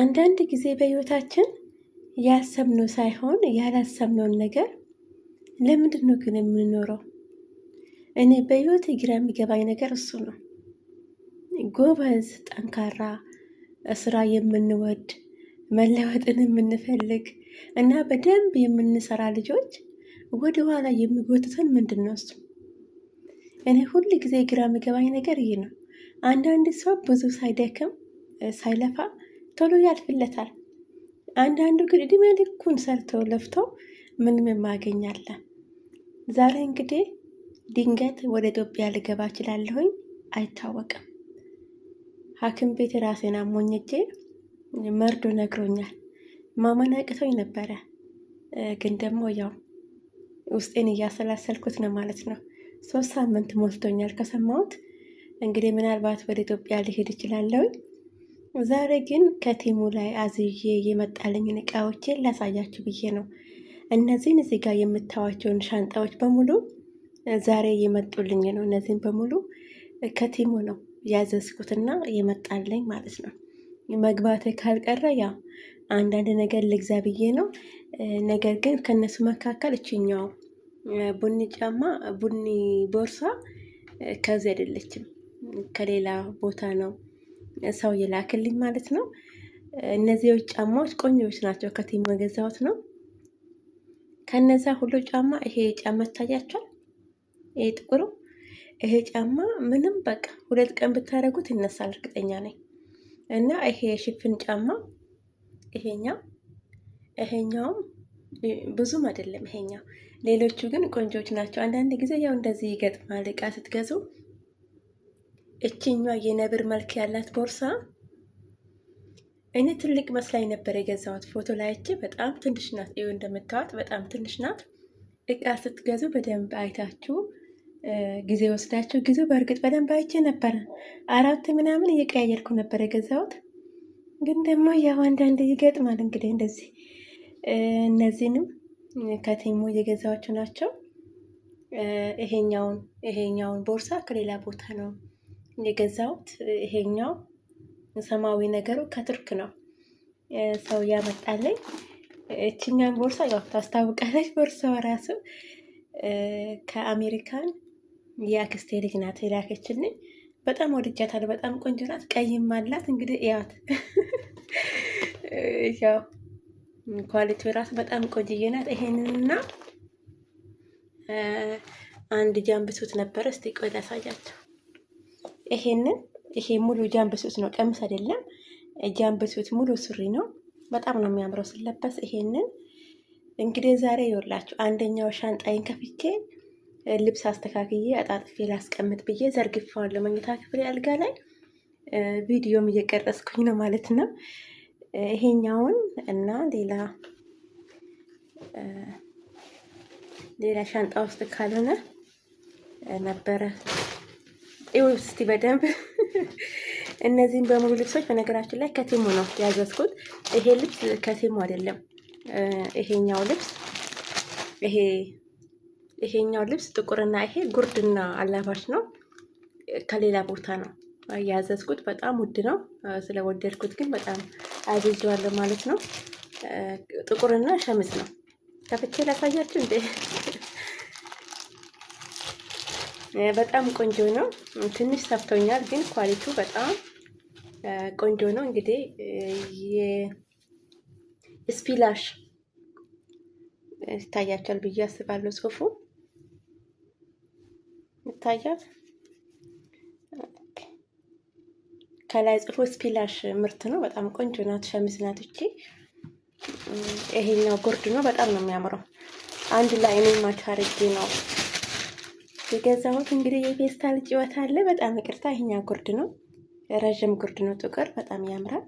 አንዳንድ ጊዜ በሕይወታችን ያሰብነው ሳይሆን ያላሰብነውን ነገር ለምንድን ነው ግን የምንኖረው? እኔ በሕይወት ግራ የሚገባኝ ነገር እሱ ነው። ጎበዝ፣ ጠንካራ፣ ስራ የምንወድ መለወጥን የምንፈልግ እና በደንብ የምንሰራ ልጆች ወደ ኋላ የሚጎትተን ምንድን ነው እሱ? እኔ ሁል ጊዜ ግራ የሚገባኝ ነገር ይህ ነው። አንዳንድ ሰው ብዙ ሳይደክም ሳይለፋ ቶሎ ያልፍለታል። አንዳንዱ ግን እድሜ ልኩን ሰርተው ለፍተው ምንም የማገኛለን። ዛሬ እንግዲህ ድንገት ወደ ኢትዮጵያ ልገባ እችላለሁኝ፣ አይታወቅም። ሐኪም ቤት ራሴን አሞኝጄ መርዶ ነግሮኛል። ማመን አቅቶኝ ነበረ፣ ግን ደግሞ ያው ውስጤን እያሰላሰልኩት ነው ማለት ነው። ሶስት ሳምንት ሞልቶኛል ከሰማሁት። እንግዲህ ምናልባት ወደ ኢትዮጵያ ሊሄድ እችላለሁኝ። ዛሬ ግን ከቲሙ ላይ አዝዬ የመጣልኝን እቃዎችን ላሳያችሁ ብዬ ነው። እነዚህን እዚህ ጋር የምታዋቸውን ሻንጣዎች በሙሉ ዛሬ የመጡልኝ ነው። እነዚህን በሙሉ ከቲሙ ነው ያዘዝኩትና የመጣልኝ ማለት ነው። መግባት ካልቀረ ያው አንዳንድ ነገር ልግዛ ብዬ ነው። ነገር ግን ከእነሱ መካከል እችኛው ቡኒ ጫማ ቡኒ ቦርሳ ከዚህ አይደለችም፣ ከሌላ ቦታ ነው ሰው የላክልኝ ማለት ነው። እነዚህ የውጭ ጫማዎች ቆንጆዎች ናቸው። ከቲም የገዛሁት ነው። ከነዛ ሁሉ ጫማ ይሄ ጫማ ይታያቸዋል። ይሄ ጥቁሩ ይሄ ጫማ ምንም በቃ ሁለት ቀን ብታደርጉት ይነሳል እርግጠኛ ነኝ። እና ይሄ የሽፍን ጫማ ይሄኛው ይሄኛውም ብዙም አይደለም ይሄኛው። ሌሎቹ ግን ቆንጆች ናቸው። አንዳንድ ጊዜ ያው እንደዚህ ይገጥማል እቃ ስትገዙ እችኛ የነብር መልክ ያላት ቦርሳ እኔ ትልቅ መስላኝ ነበር የገዛሁት። ፎቶ ላይቼ በጣም ትንሽ ናት። ይኸው እንደምታዩት በጣም ትንሽ ናት። እቃ ስትገዙ በደንብ አይታችሁ ጊዜ ወስዳችሁ ጊዜ በእርግጥ በደንብ አይቼ ነበረ። አራት ምናምን እየቀያየርኩ ነበር የገዛሁት። ግን ደግሞ ያው አንዳንድ ይገጥማል እንግዲህ እንደዚህ። እነዚህንም ከቲሙ እየገዛኋቸው ናቸው። ይሄኛውን ይሄኛውን ቦርሳ ከሌላ ቦታ ነው የገዛሁት ይሄኛው ሰማያዊ ነገሩ ከቱርክ ነው ሰው ያመጣልኝ። እችኛን ቦርሳ ያው ታስታውቃለች። ቦርሳው ራሱ ከአሜሪካን የአክስቴ ልጅ ናት የላከችልኝ። በጣም ወድጃታለሁ። በጣም ቆንጆ ናት፣ ቀይም አላት። እንግዲህ እያት ያው ኳሊቲ ራሱ በጣም ቆንጅዬ ናት። ይሄንንና አንድ ጃምብሱት ነበረ። እስቲ ቆይ ላሳያቸው። ይሄንን ይሄ ሙሉ ሱት ነው፣ ቀሚስ አይደለም። ሱት ሙሉ ሱሪ ነው። በጣም ነው የሚያምረው ስለበስ። ይሄንን እንግዲህ ዛሬ ይወላችሁ አንደኛው ሻንጣይን ከፍቼ ልብስ አስተካክዬ አጣጥፌ ላስቀምጥ ብዬ ዘርግፈዋለሁ መኝታ ክፍል አልጋ ላይ ቪዲዮም እየቀረስኩኝ ነው ማለት ነው። ይሄኛውን እና ሌላ ሌላ ሻንጣ ውስጥ ካልሆነ ነበረ ይኸው እስቲ በደንብ እነዚህን በሙሉ ልብሶች በነገራችን ላይ ከቴሞ ነው ያዘዝኩት። ይሄ ልብስ ከቴሞ አይደለም። ይሄኛው ልብስ ይሄ ይሄኛው ልብስ ጥቁርና ይሄ ጉርድና አላባሽ ነው። ከሌላ ቦታ ነው ያዘዝኩት። በጣም ውድ ነው። ስለወደድኩት ግን በጣም አዝዤዋለሁ ማለት ነው። ጥቁርና ሸሚዝ ነው። ከፍቼ ላሳያችሁ እንዴ! በጣም ቆንጆ ነው። ትንሽ ሰፍቶኛል፣ ግን ኳሊቲው በጣም ቆንጆ ነው። እንግዲህ የስፒላሽ ይታያቸዋል ብዬ አስባለሁ። ጽሁፉ ይታያል። ከላይ ጽሁፉ ስፒላሽ ምርት ነው። በጣም ቆንጆ ናት። ሸሚዝ ናት እቺ። ይሄኛው ጉርድ ነው። በጣም ነው የሚያምረው። አንድ ላይ እኔ ማች ነው የገዛሁት እንግዲህ የፌስታል ጭወት አለ። በጣም ይቅርታ፣ ይሄኛ ጉርድ ነው፣ ረዥም ጉርድ ነው፣ ጥቁር በጣም ያምራል።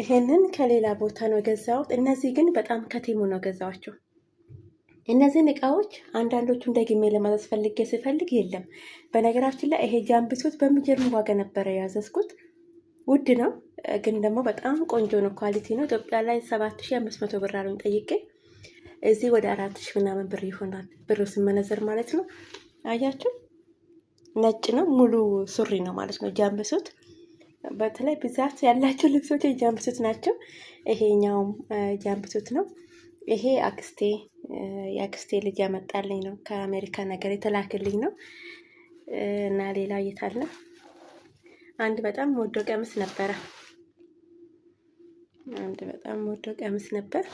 ይሄንን ከሌላ ቦታ ነው የገዛሁት። እነዚህ ግን በጣም ከቴሙ ነው ገዛዋቸው። እነዚህን እቃዎች አንዳንዶቹን ደግሜ ለማዘዝ ፈልጌ ስፈልግ የለም። በነገራችን ላይ ይሄ ጃምብሱት በሚገርም ዋጋ ነበረ ያዘዝኩት። ውድ ነው ግን ደግሞ በጣም ቆንጆ ነው፣ ኳሊቲ ነው። ኢትዮጵያ ላይ ሰባት ሺ አምስት መቶ ብር አሉኝ ጠይቄ እዚህ ወደ አራት ሺህ ምናምን ብር ይሆናል ብሩ ስመነዘር ማለት ነው። አያችሁ ነጭ ነው ሙሉ ሱሪ ነው ማለት ነው። ጃምብሱት በተለይ ብዛት ያላቸው ልብሶች ጃምብሱት ናቸው። ይሄኛውም ጃምብሱት ነው። ይሄ አክስቴ የአክስቴ ልጅ ያመጣልኝ ነው። ከአሜሪካ ነገር የተላክልኝ ነው እና ሌላ የታለ አንድ በጣም ወዶ ቀሚስ ነበረ። አንድ በጣም ወዶ ቀሚስ ነበር።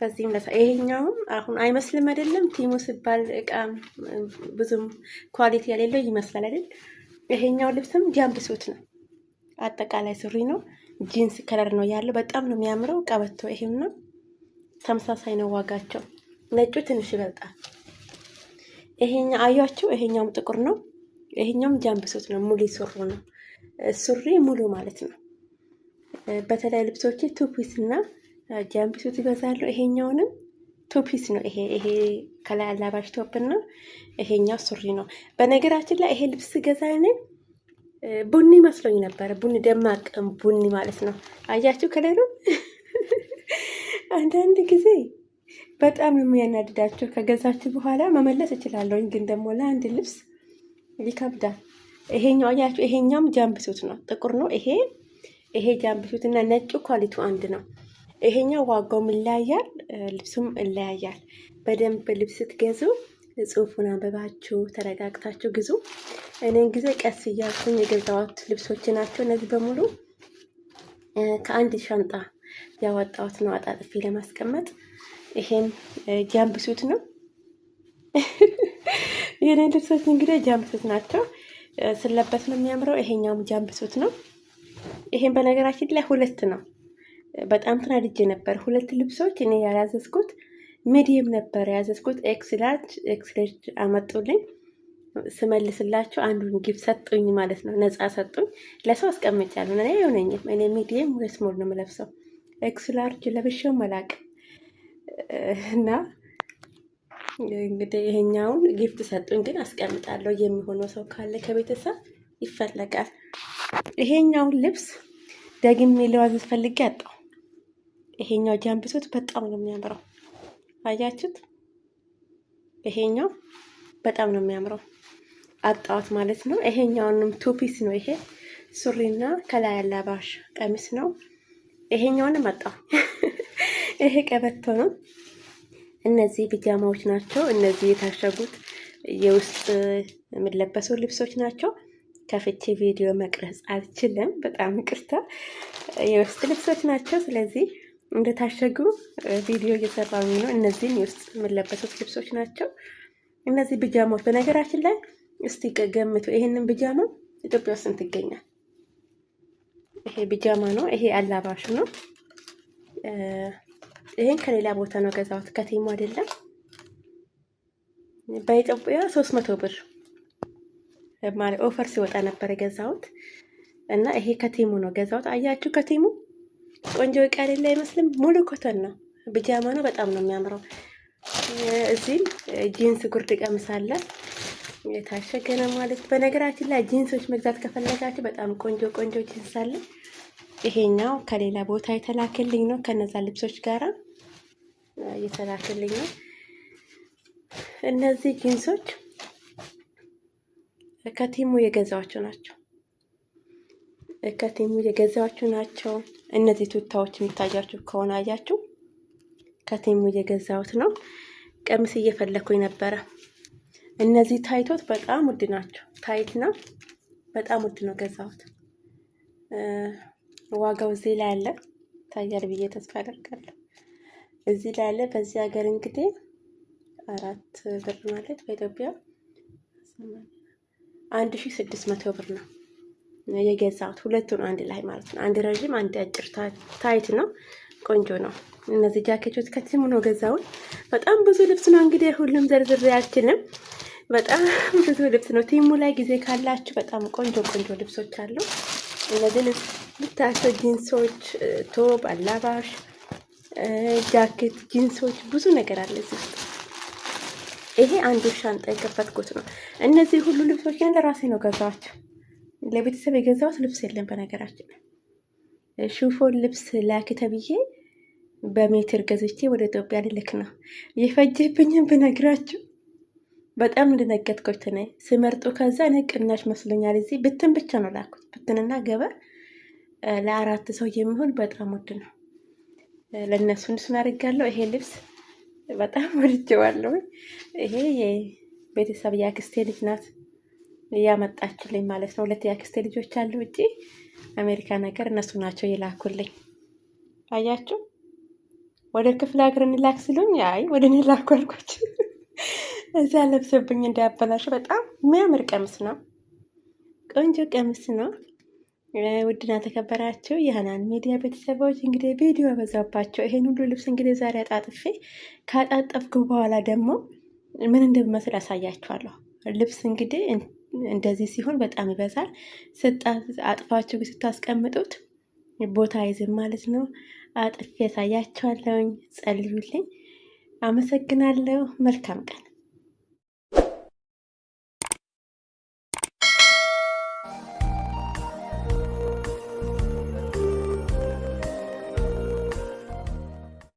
በዚህም ለ ይሄኛውም አሁን አይመስልም አይደለም። ቲሙ ሲባል እቃ ብዙም ኳሊቲ የሌለው ይመስላል አይደል? ይሄኛው ልብስም ጃምፕ ሱት ነው፣ አጠቃላይ ሱሪ ነው። ጂንስ ከለር ነው ያለው። በጣም ነው የሚያምረው። ቀበቶ ይሄም ነው፣ ተመሳሳይ ነው ዋጋቸው። ነጩ ትንሽ ይበልጣል። ይሄኛ አያችሁ፣ ይሄኛውም ጥቁር ነው። ይሄኛውም ጃምፕ ሱት ነው፣ ሙሉ ሱሩ ነው። ሱሪ ሙሉ ማለት ነው። በተለይ ልብሶች ቱፒስ እና ጃምፒሱት ይገዛሉ። ይሄኛውንም ቶፒስ ነው። ይሄ ይሄ ከላይ አላባሽ ቶፕ ቶፕና ይሄኛው ሱሪ ነው። በነገራችን ላይ ይሄ ልብስ ገዛ ቡኒ መስሎኝ ነበረ። ቡኒ ደማቅ ቡኒ ማለት ነው። አያችሁ ከለሩ። አንዳንድ ጊዜ በጣም የሚያናድዳችሁ ከገዛችሁ በኋላ መመለስ እችላለሁ፣ ግን ደግሞ ለአንድ ልብስ ይከብዳል። ይሄኛው አያችሁ፣ ይሄኛውም ጃምፕሱት ነው፣ ጥቁር ነው። ይሄ ይሄ ጃምፕሱት እና ነጩ ኳሊቱ አንድ ነው። ይሄኛው ዋጋውም ይለያያል፣ ልብሱም ይለያያል። በደንብ ልብስ ስትገዙ ጽሑፉን አንብባችሁ ተረጋግታችሁ ግዙ። እኔን ጊዜ ቀስ እያልኩኝ የገዛዋት ልብሶች ናቸው እነዚህ በሙሉ ከአንድ ሻንጣ ያወጣሁት ነው አጣጥፌ ለማስቀመጥ። ይሄን ጃምብሱት ነው የእኔ ልብሶች እንግዲህ ጃምብሱት ናቸው። ስለበት ነው የሚያምረው። ይሄኛውም ጃምብሱት ነው። ይሄን በነገራችን ላይ ሁለት ነው በጣም ተናድጄ ነበር። ሁለት ልብሶች እኔ ያላዘዝኩት ሚዲየም ነበር ያዘዝኩት። ኤክስ ላርጅ አመጡልኝ። ስመልስላቸው አንዱን ጊፍ ሰጡኝ ማለት ነው፣ ነፃ ሰጡኝ። ለሰው አስቀምጫለሁ። እኔ አይሆነኝም። እኔ ሚዲየም ወይ ስሞል ነው የምለብሰው። ኤክስላርጅ ላርጅ ለብሼው መላቅ እና እንግዲህ ይሄኛውን ጊፍት ሰጡኝ፣ ግን አስቀምጣለሁ። የሚሆነው ሰው ካለ ከቤተሰብ ይፈለጋል። ይሄኛውን ልብስ ደግሜ ለዋዝ ፈልጌ አጣሁ። ይሄኛው ጃንቢሱት በጣም ነው የሚያምረው። አያችሁት? ይሄኛው በጣም ነው የሚያምረው። አጣዋት ማለት ነው። ይሄኛውንም ቱፒስ ነው። ይሄ ሱሪና ከላይ አላባሽ ቀሚስ ነው። ይሄኛውንም አጣ። ይሄ ቀበቶ ነው። እነዚህ ቢጃማዎች ናቸው። እነዚህ የታሸጉት የውስጥ የሚለበሱ ልብሶች ናቸው። ከፍቼ ቪዲዮ መቅረጽ አልችልም። በጣም ቅርታ የውስጥ ልብሶች ናቸው። ስለዚህ እንደታሸጉ ቪዲዮ እየሰራሁኝ ነው። እነዚህም የውስጥ የምለበሱት ልብሶች ናቸው። እነዚህ ብጃማዎች በነገራችን ላይ እስቲ ገምቱ። ይሄንን ብጃማ ኢትዮጵያ ውስጥ ስንት ይገኛል? ይሄ ብጃማ ነው። ይሄ አላባሹ ነው። ይሄን ከሌላ ቦታ ነው ገዛሁት፣ ከቴሞ አይደለም። በኢትዮጵያ ሶስት መቶ ብር ማለት ኦፈር ሲወጣ ነበር ገዛሁት እና ይሄ ከቴሙ ነው ገዛሁት። አያችሁ ከቴሙ ቆንጆ እቃ ሌላ አይመስልም። ሙሉ ኮተን ነው። ብጃማ ነው። በጣም ነው የሚያምረው። እዚህም ጂንስ ጉርድ ቀሚስ አለ የታሸገ ነው ማለት። በነገራችን ላይ ጂንሶች መግዛት ከፈለጋችሁ በጣም ቆንጆ ቆንጆ ጂንስ አለ። ይሄኛው ከሌላ ቦታ የተላከልኝ ነው። ከነዛ ልብሶች ጋራ የተላከልኝ ነው። እነዚህ ጂንሶች ከቲሙ የገዛዋቸው ናቸው። ከቲሙ የገዛዋቸው ናቸው። እነዚህ ቱታዎች የሚታያችሁ ከሆነ አያችሁ ከቴሙ እየገዛሁት ነው። ቀሚስ እየፈለኩኝ ነበረ። እነዚህ ታይቶት በጣም ውድ ናቸው። ታይትና በጣም ውድ ነው ገዛሁት። ዋጋው እዚህ ላይ አለ ታያል ብዬ ተስፋ አደርጋለሁ። እዚህ ላይ አለ። በዚህ ሀገር እንግዲህ አራት ብር ማለት በኢትዮጵያ አንድ ሺ ስድስት መቶ ብር ነው። የገዛሁት ሁለቱን አንድ ላይ ማለት ነው። አንድ ረዥም፣ አንድ አጭር ታይት ነው። ቆንጆ ነው። እነዚህ ጃኬቶች ከትሙ ነው ገዛሁት። በጣም ብዙ ልብስ ነው እንግዲህ ሁሉም ዘርዝሬ አልችልም። በጣም ብዙ ልብስ ነው። ቲሙ ላይ ጊዜ ካላችሁ በጣም ቆንጆ ቆንጆ ልብሶች አሉ። እነዚህ ብታቸው ጂንሶች፣ ቶብ፣ አላባሽ፣ ጃኬት፣ ጂንሶች ብዙ ነገር አለ እዚህ ውስጥ። ይሄ አንዱ ሻንጣ የከፈትኩት ነው። እነዚህ ሁሉ ልብሶች ለራሴ ነው ገዛኋቸው። ለቤተሰብ የገዛሁት ልብስ የለም። በነገራችን ሽፎን ልብስ ላክ ተብዬ በሜትር ገዝቼ ወደ ኢትዮጵያ ልልክ ነው። የፈጀብኝን ብነግራችሁ በጣም እንደነገጥኩት ነ ስመርጡ ከዛ እኔ ቅናሽ መስሎኛል። እዚህ ብትን ብቻ ነው ላኩት። ብትንና ገበር ለአራት ሰው የሚሆን በጣም ውድ ነው። ለእነሱ እንድሱን አድርጋለሁ። ይሄ ልብስ በጣም ወድጀዋለሁ። ይሄ የቤተሰብ ያክስቴ ልጅ ናት። እያመጣችልኝ ማለት ነው። ሁለት ያክስቴ ልጆች አሉ ውጪ አሜሪካ ነገር እነሱ ናቸው ይላኩልኝ። አያችሁ ወደ ክፍለ ሀገር እንላክ ስሉኝ፣ አይ ወደ እኔ ላኩ አልኳቸው። እዚያ ለብሰብኝ እንዳያበላሹ። በጣም የሚያምር ቀሚስ ነው፣ ቆንጆ ቀሚስ ነው። ውድና ተከበራችሁ የሀናን ሚዲያ ቤተሰቦች እንግዲህ ቪዲዮ አበዛባቸው። ይሄን ሁሉ ልብስ እንግዲህ ዛሬ አጣጥፌ ካጣጠፍኩ በኋላ ደግሞ ምን እንደሚመስል አሳያችኋለሁ። ልብስ እንግዲህ እንደዚህ ሲሆን በጣም ይበዛል። አጥፋችሁ ስታስቀምጡት ቦታ አይዝም ማለት ነው። አጥፌ ያሳያችኋለሁኝ። ጸልዩልኝ። አመሰግናለሁ። መልካም ቀን